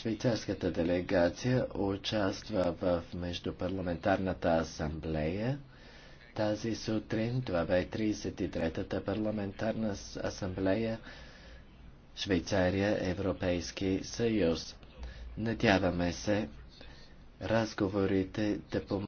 Швейцарската делегация участва в Междупарламентарната асамблея. Тази сутрин, това бе 33-та парламентарна асамблея, Швейцария, Европейски съюз. Надяваме се разговорите да помогнат.